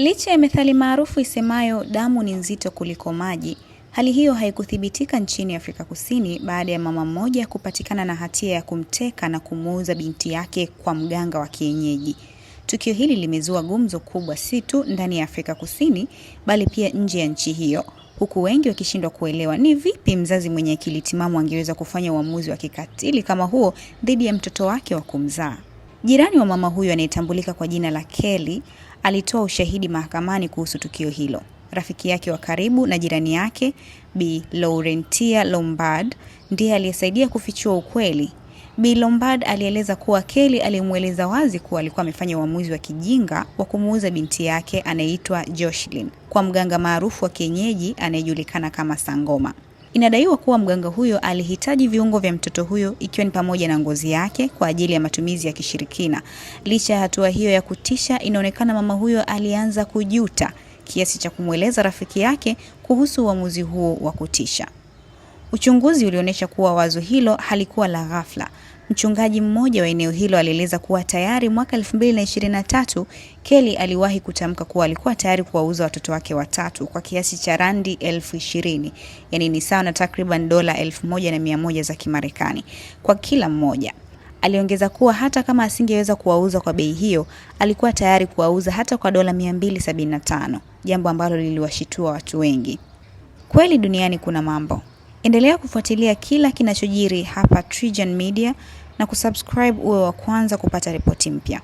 Licha ya methali maarufu isemayo damu ni nzito kuliko maji, hali hiyo haikuthibitika nchini Afrika Kusini baada ya mama mmoja kupatikana na hatia ya kumteka na kumuuza binti yake kwa mganga wa kienyeji. Tukio hili limezua gumzo kubwa si tu ndani ya Afrika Kusini bali pia nje ya nchi hiyo, huku wengi wakishindwa kuelewa ni vipi mzazi mwenye akili timamu angeweza kufanya uamuzi wa kikatili kama huo dhidi ya mtoto wake wa kumzaa. Jirani wa mama huyo anayetambulika kwa jina la Kelly alitoa ushahidi mahakamani kuhusu tukio hilo. Rafiki yake wa karibu na jirani yake Bi Laurentia Lombard ndiye aliyesaidia kufichua ukweli. Bi Lombard alieleza kuwa Kelly alimweleza wazi kuwa alikuwa amefanya uamuzi wa kijinga wa kumuuza binti yake anayeitwa Jocelyn kwa mganga maarufu wa kienyeji anayejulikana kama Sangoma. Inadaiwa kuwa mganga huyo alihitaji viungo vya mtoto huyo ikiwa ni pamoja na ngozi yake kwa ajili ya matumizi ya kishirikina. Licha ya hatua hiyo ya kutisha, inaonekana mama huyo alianza kujuta kiasi cha kumweleza rafiki yake kuhusu uamuzi huo wa kutisha. Uchunguzi ulionyesha kuwa wazo hilo halikuwa la ghafla. Mchungaji mmoja wa eneo hilo alieleza kuwa tayari mwaka 2023 Kelly aliwahi kutamka kuwa alikuwa tayari kuwauza watoto wake watatu kwa kiasi cha randi elfu ishirini, yaani ni sawa na takriban dola elfu moja na mia moja za Kimarekani kwa kila mmoja. Aliongeza kuwa hata kama asingeweza kuwauza kwa bei hiyo, alikuwa tayari kuwauza hata kwa dola 275, jambo ambalo liliwashitua watu wengi. Kweli duniani kuna mambo Endelea kufuatilia kila kinachojiri hapa TriGen Media na kusubscribe uwe wa kwanza kupata ripoti mpya.